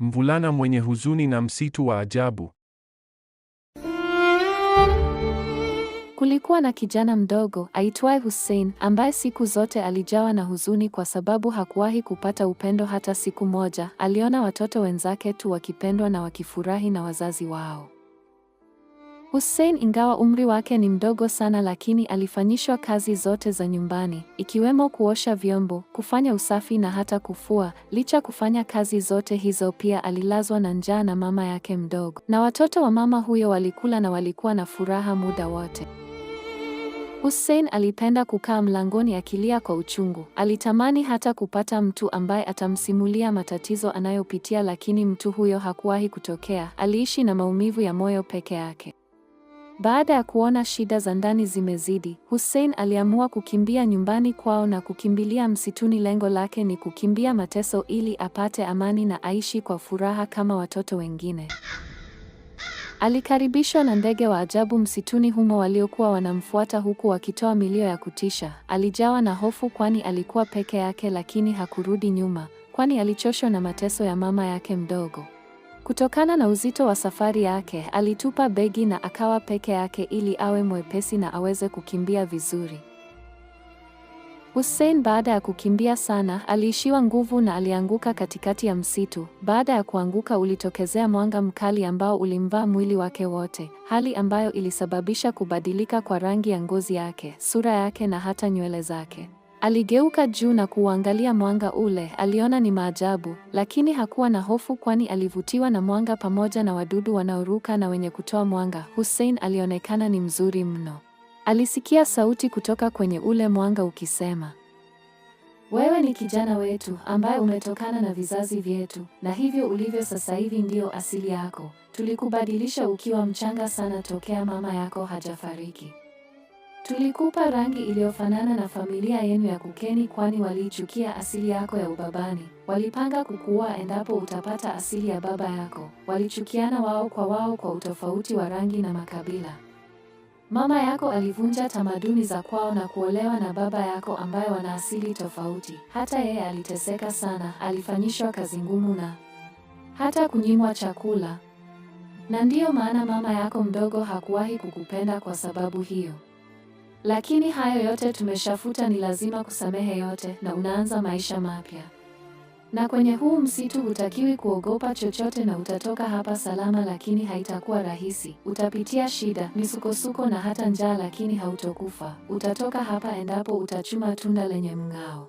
Mvulana mwenye huzuni na msitu wa ajabu. Kulikuwa na kijana mdogo aitwaye Hussein ambaye siku zote alijawa na huzuni kwa sababu hakuwahi kupata upendo hata siku moja. Aliona watoto wenzake tu wakipendwa na wakifurahi na wazazi wao. Hussein ingawa umri wake ni mdogo sana lakini alifanyishwa kazi zote za nyumbani, ikiwemo kuosha vyombo, kufanya usafi na hata kufua. Licha kufanya kazi zote hizo, pia alilazwa na njaa na mama yake mdogo. Na watoto wa mama huyo walikula na walikuwa na furaha muda wote. Hussein alipenda kukaa mlangoni akilia kwa uchungu. Alitamani hata kupata mtu ambaye atamsimulia matatizo anayopitia, lakini mtu huyo hakuwahi kutokea. Aliishi na maumivu ya moyo peke yake. Baada ya kuona shida za ndani zimezidi, Hussein aliamua kukimbia nyumbani kwao na kukimbilia msituni. Lengo lake ni kukimbia mateso ili apate amani na aishi kwa furaha kama watoto wengine. Alikaribishwa na ndege wa ajabu msituni humo waliokuwa wanamfuata huku wakitoa milio ya kutisha. Alijawa na hofu kwani alikuwa peke yake, lakini hakurudi nyuma, kwani alichoshwa na mateso ya mama yake mdogo. Kutokana na uzito wa safari yake, alitupa begi na akawa peke yake ili awe mwepesi na aweze kukimbia vizuri. Hussein baada ya kukimbia sana, aliishiwa nguvu na alianguka katikati ya msitu. Baada ya kuanguka, ulitokezea mwanga mkali ambao ulimvaa mwili wake wote, hali ambayo ilisababisha kubadilika kwa rangi ya ngozi yake, sura yake na hata nywele zake. Aligeuka juu na kuuangalia mwanga ule, aliona ni maajabu, lakini hakuwa na hofu kwani alivutiwa na mwanga pamoja na wadudu wanaoruka na wenye kutoa mwanga. Hussein alionekana ni mzuri mno. Alisikia sauti kutoka kwenye ule mwanga ukisema, wewe ni kijana wetu ambaye umetokana na vizazi vyetu, na hivyo ulivyo sasa hivi ndiyo asili yako. Tulikubadilisha ukiwa mchanga sana tokea mama yako hajafariki. Tulikupa rangi iliyofanana na familia yenu ya Kukeni kwani waliichukia asili yako ya ubabani. Walipanga kukuua endapo utapata asili ya baba yako. Walichukiana wao kwa wao kwa utofauti wa rangi na makabila. Mama yako alivunja tamaduni za kwao na kuolewa na baba yako ambaye wana asili tofauti. Hata yeye aliteseka sana, alifanyishwa kazi ngumu na hata kunyimwa chakula. Na ndiyo maana mama yako mdogo hakuwahi kukupenda kwa sababu hiyo. Lakini hayo yote tumeshafuta, ni lazima kusamehe yote na unaanza maisha mapya. Na kwenye huu msitu hutakiwi kuogopa chochote na utatoka hapa salama, lakini haitakuwa rahisi. Utapitia shida, misukosuko na hata njaa, lakini hautokufa. Utatoka hapa endapo utachuma tunda lenye mng'ao.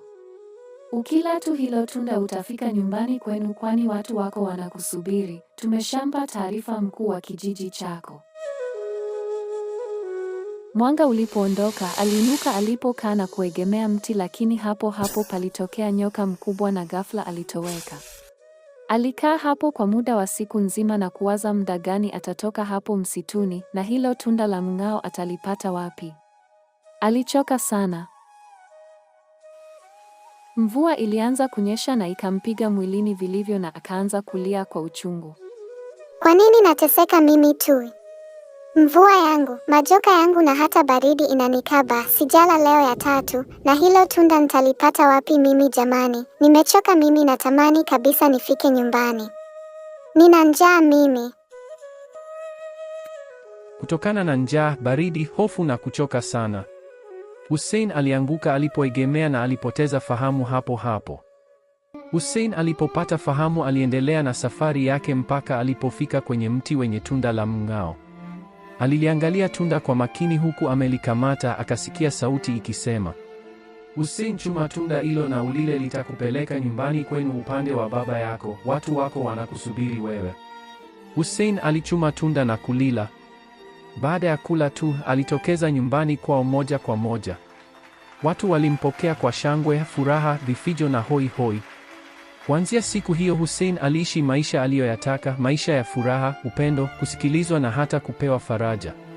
Ukila tu hilo tunda utafika nyumbani kwenu, kwani watu wako wanakusubiri. Tumeshampa taarifa mkuu wa kijiji chako. Mwanga ulipoondoka, aliinuka alipokaa na kuegemea mti, lakini hapo hapo palitokea nyoka mkubwa na ghafla alitoweka. Alikaa hapo kwa muda wa siku nzima na kuwaza muda gani atatoka hapo msituni na hilo tunda la mng'ao atalipata wapi. Alichoka sana. Mvua ilianza kunyesha na ikampiga mwilini vilivyo na akaanza kulia kwa uchungu. Kwa nini nateseka mimi tu? Mvua yangu, majoka yangu na hata baridi inanikaba. Sijala leo ya tatu, na hilo tunda nitalipata wapi mimi jamani? Nimechoka mimi, na tamani kabisa nifike nyumbani, nina njaa mimi. Kutokana na njaa, baridi, hofu na kuchoka sana, Hussein alianguka alipoegemea na alipoteza fahamu hapo hapo. Hussein alipopata fahamu, aliendelea na safari yake mpaka alipofika kwenye mti wenye tunda la mng'ao. Aliliangalia tunda kwa makini huku amelikamata akasikia sauti ikisema, Usinchuma tunda hilo na ulile litakupeleka nyumbani kwenu upande wa baba yako, watu wako wanakusubiri wewe. Hussein alichuma tunda na kulila. Baada ya kula tu, alitokeza nyumbani kwao moja kwa moja. Watu walimpokea kwa shangwe, furaha, vifijo na hoi hoi. Kuanzia siku hiyo Hussein aliishi maisha aliyoyataka, maisha ya furaha, upendo, kusikilizwa na hata kupewa faraja.